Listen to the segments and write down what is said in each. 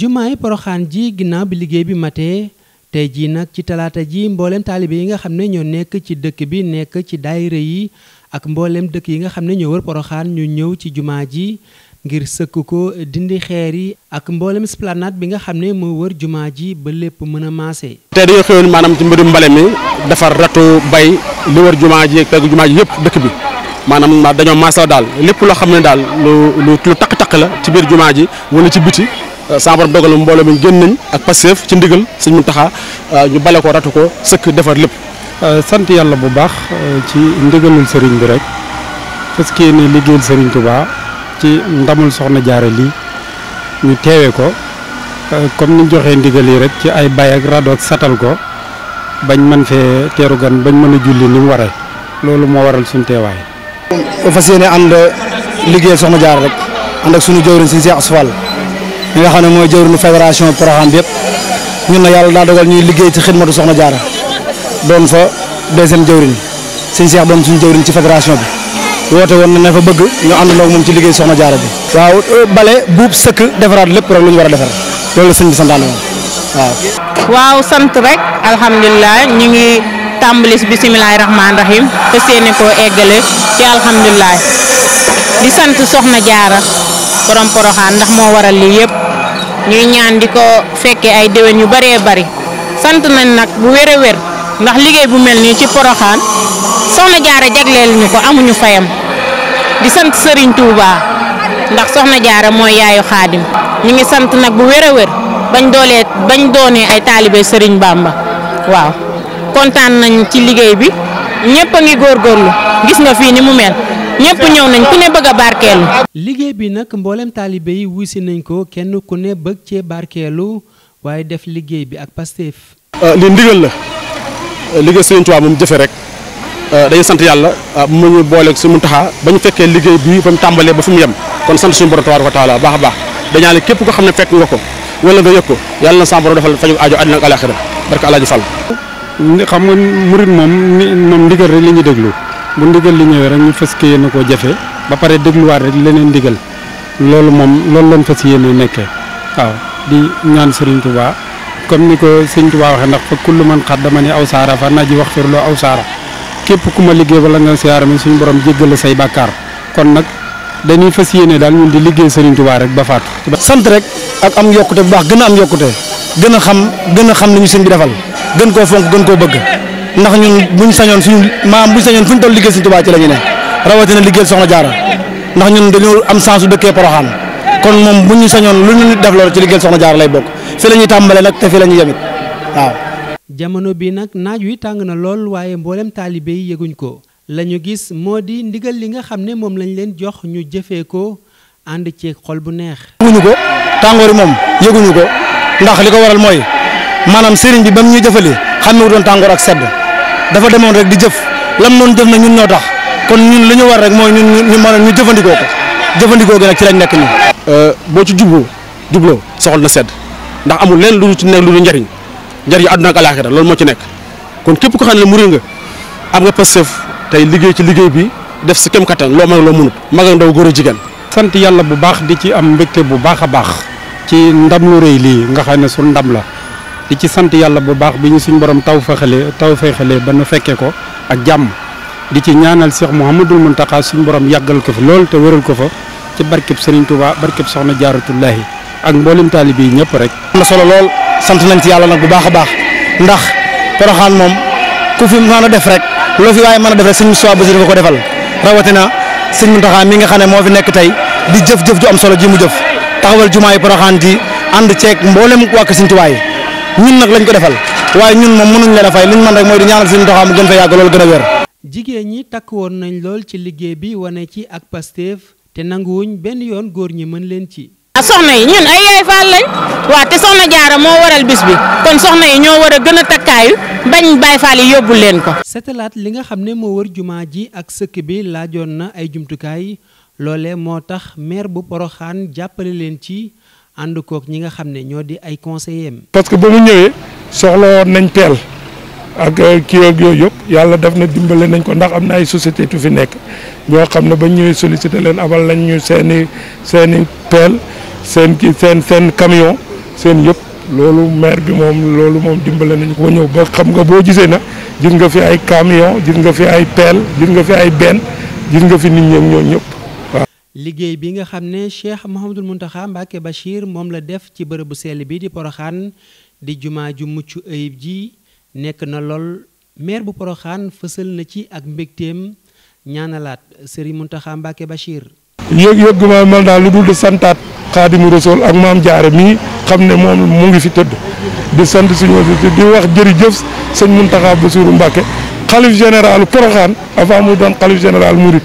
jumaay poroxaan ji ginnaaw bi liggéey bi matee tey jii nag ci talaata ji mboolem taalibe yi nga xam ne ñoo nekk ci dëkk bi nekk ci daayira yi ak mboolem dëkk yi nga xam ne ñoo wër poroxaan ñu ñëw ci jumaa ji ngir sëkk ko dindi xeer yi ak mboolem esplanade bi nga xam ne moo wër jumaa ji ba lépp mën a maase. tey dañoo xëyoon maanaam ci mbirum mbale mi defar ratu bay li wër jumaa ji ak peggu jumaa ji yëpp dëkk bi maanaam dañoo maasoo daal lépp loo xam ne daal lu lu takk takk la ci biir jumaa ji wala ci biti. Euh, sama borom dogal mbooloo mi génn nañ ak Pastef ci ndigal Sëñ Muntaxa euh, ñu bale ko ratu ko sëkk defar lépp. Euh, sant yàlla bu baax ci ndigalul sëriñ bi rek fas yéene liggéeyal sëriñ Touba ci ndamul soxna jaare lii ñu teewee ko comme ni joxee ndigal yi rek ci ay bay ak rado ak satal ko bañ mën fee teeru gan bañ mën a julli ni mu waree loolu moo waral suñu teewaay. fas yéene ànd liggéeyal soxna jaar rek ànd ak suñu jëwriñ si Cheikh Asfal mi nga xam ne mooy jëwriñu fédération Porokhane bi yëpp ñun na yàlla daa dogal ñuy liggéey ci xidmatu soxna jaara doon fa deuxième jëwriñ sëñ Cheikh doon suñu jëwriñ ci fédération bi woote woon na fa bëgg ñu àndandoo moom ci liggéey soxna jaara bi. waaw bale buub sëkk defaraat lépp rek lu war a defar loolu la sëñ bi santaane waaw. waaw sant rek alhamdulilah ñu ngi tàmbali bisimilah rahmaani rahim te seeni koo eggale ci alhamdulilah di sant borom poroxaan ndax moo waral li yépp ñuy ñaan di ko fekkee ay déwén yu bëree bari sant nañ nag bu wéré wér ndax liggéey bu mel nii ci poroxaan soxna jaara jagleel ñu ko amuñu fayam di sant sëriñ tuuba ndax soxna jaara mooy yaayu xaadim ñu ngi sant nag bu wéré wér bañ doolee bañ doonee ay taalibe sëriñ bamba waaw kontaan nañ ci liggéey bi ñëpp a ngi góorgóorlu gis nga fii ni mu mel ñëpp ñëw nañ ku ne bëgg a barkeelu. liggéey bi nag mboolem taalibe yi wuy si nañ ko kenn ku ne bëgg cee barkeelu waaye def liggéey bi ak Pastef. Euh, li ndigal la euh, liggéey Sëriñ Tuubaa mu jëfe rek euh, dañuy sant yàlla mu ñu su mu taxaa ba ñu fekkee liggéey bi ba mu tàmbalee ba fu mu yem kon sant suñu borom tabaaraka wa taala baax a baax dañaa ne képp koo xam ne fekk nga ko wala nga yëg ko yàlla na sama borom defal faju aajo àddina ak alaaxira barka Alaaji Fall xam nga murit moom moom ndigal rek la ñuy déglu bu ndigal li ñëwee rek ñu fas yéene ko jafé ba paré pare dégluwaat rek leneen ndigal loolu mom loolu lañ fas yéene nekkee waaw di ñaan Serigne Touba comme niko Serigne Touba waxee nak fa kullu man xat dama ni aw saara fa naji wax firloo aw saara képp ku ma liggéey wala nga siyaara mi suñu borom jéggal say bakkar kon nak dañuy fas yéene daal ñun di liggé Serigne Touba rek ba faat sant rek ak am yokuté bu baax gëna am yokuté gëna xam gëna xam ni ñu seen bi defal gën ko fonk gën ko bëgg. ndax ñun buñ sañoon suñu maam buñ sañoon fu ñu toll liggéey Sëñ Tuubaa ci la ñu ne rawatina liggéey Soxna Jaara ndax ñun dañoo am sens su dëkkee Poroxaan kon moom bu ñu sañoon lu ñu nit def loolu ci liggéey Soxna Jaara lay bokk fi la ñuy tàmbalee nag te fi la ñuy yemit waaw. jamono bi nag naaj wi tàng na lool waaye mboolem taalibe yi yëguñ ko la ñu gis moo di ndigal li nga xam ne moom lañ leen jox ñu jëfee ko ànd ci xol bu neex. yëguñu ko tàngoor yi moom yëguñu ko ndax li ko waral mooy maanaam sëriñ bi ba mu ñuy jëfali xam ne doon tàngoor ak sedd dafa demoon rek di jëf lam noonu jëf na ñun ñoo tax kon ñun li ñu war rek mooy ñun ñu mën a ñu jëfandikoo ko jëfandikoo gi nag ci lañ nekk nii. Euh, boo ci jublu jubloo soxal na sedd ndax amul leen lu ci nekk lu njariñ njariñ àdduna ak alaaxira loolu moo ci nekk kon képp ko xam ne mu murid nga am nga Pastef tey liggéey ci liggéey bi def si kem kattan loo mën loo mënut mag ak ndaw góor a jigéen. sant yàlla bu baax di ci am mbégte bu baax a baax ci ndam lu rëy lii nga xam ne su ndam la di ci sant yàlla bu baax bi ñu suñ borom taw fexalee taw fexalee ba nu fekkee ko ak jàmm di ci ñaanal Cheikh Mouhamadul Mountakha suñ borom yàggal ko fi lool te wëral ko fa ci barkeb Serigne Touba barkeb Soxna Jaaratullaahi ak mboolem taalibe yi ñëpp rek. am na solo lool sant nañ ci yàlla nag bu baax a baax ndax Porokhane moom ku fi mën a def rek loo fi waaye mën a def rek suñu soix bés dafa ko defal rawatina sëñ Mountakha mi nga xam ne moo fi nekk tey di jëf jëf ju am solo ji mu jëf taxawal jumaa yi Porokhane ji ànd ceeg mboolem waa Sëñ Tuubaa ñun nag lañ ko defal waaye ñun moom mënuñ leen a fay liñ mën rek mooy di ñaanal suñu doxaam gën fa yàgg loolu gën a wér. jigéen ñi takk woon nañ lool ci liggéey bi wane ci ak Pastef te nanguwuñ benn yoon góor ñi mën leen ci. Ah, soxna yi ñun ay yaay faal lañ waaw te soxna jaara moo waral bis bi kon soxna yi ñoo war a gën a takkaayu bañ baay faal yi yóbbu leen ko. setelaat li nga xam ne moo wër jumaa ji ak sëkk bi laajoon na ay jumtukaay loole moo tax maire bu Poroxaan jàppale leen ci. ànd kook ñi nga xam ne ñoo di ay conseillers parce que ba mu ñëwee soxla woon nañ peel ak euh, kii ak yooyu yëpp yàlla def na dimbale nañ ko ndax am na ay société tu fi nekk ñoo xam ne ba ñëwee sollicité leen abal lañ ñu seen seen i peel seen kii seen seen camion seen yëpp loolu maire bi moom loolu moom dimbale nañ ko ñëw ba xam nga boo gisee na gis nga fi ay camion gis nga fi ay peel gis nga fi ay benn gis nga fi nit ñi ak ñooñu ñëpp. liggéey bi nga xam ne cheikh Mouhamadul Mountakha Mbacké Bachir moom la def ci bërëbu sell bi di poroxaan di jumaa ju mucc ayib ji nekk na lool maire bu poroxaan fësal na ci ak mbégteem ñaanalaat sëriñ Mountakha Mbacké Bachir. yëg yëg ma mel daal lu dul di santaat xaadimu rasool ak maam jaare mii xam ne moom mu ngi fi tëdd di sant suñu di wax jërëjëf sëñ Mountakha Bassirou Mbacké xalif général poroxaan avant mu doon xalif général mourid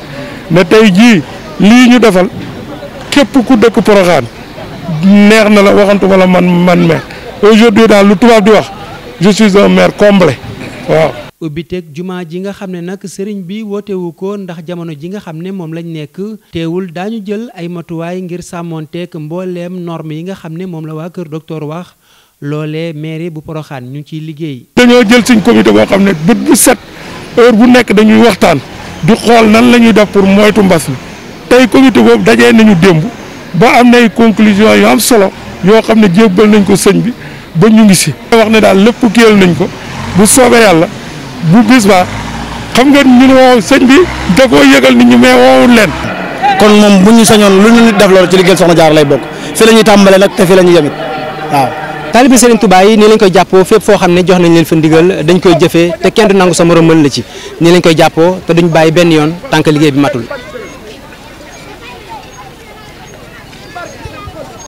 ne tey jii. lii ñu defal képp ku dëkk Porokhane neex na la waxantuma la man man maire aujourd'hui daal lu tubaab di wax je suis un maire comblé waaw. ubbiteeg jumaa ji nga xam ne nag sëriñ bi wootewu ko ndax jamono ji nga xam ne moom lañ nekk teewul daañu jël ay matuwaay ngir sàmmoon sàmmonteeg mbooleem norme yi nga xam ne moom la waa kër docteur wax loolee mairie bu Porokhane ñu ngi ciy liggéey. dañoo jël suñ comité boo xam ne bët bu set heure bu nekk dañuy waxtaan di nan la ñuy pour moytu mbas mi. tey comité boobu dajee nañu démb boo am nay conclusion yu am solo yoo xam ne jébbal nañ ko sëñ bi ba ñu ngi si. wax ne daal lépp kiyal nañ ko bu soobee yàlla bu bis ba xam nga ñun woo sëñ bi da koo yëgal nit ñi mais woowul leen. kon moom bu ñu sañoon lu ñu nit def loolu ci liggéey soxna jaar lay bokk fi la ñuy tàmbalee nag te fi la ñuy yemit waaw. taalibe Serigne Touba yi nii lañ koy jàppoo fépp foo xam ne jox nañ leen fa ndigal dañ koy jëfee te kenn du nangu sa morom mën la ci nii lañ koy jàppoo te duñ bàyyi benn yoon tant que liggéey bi matul.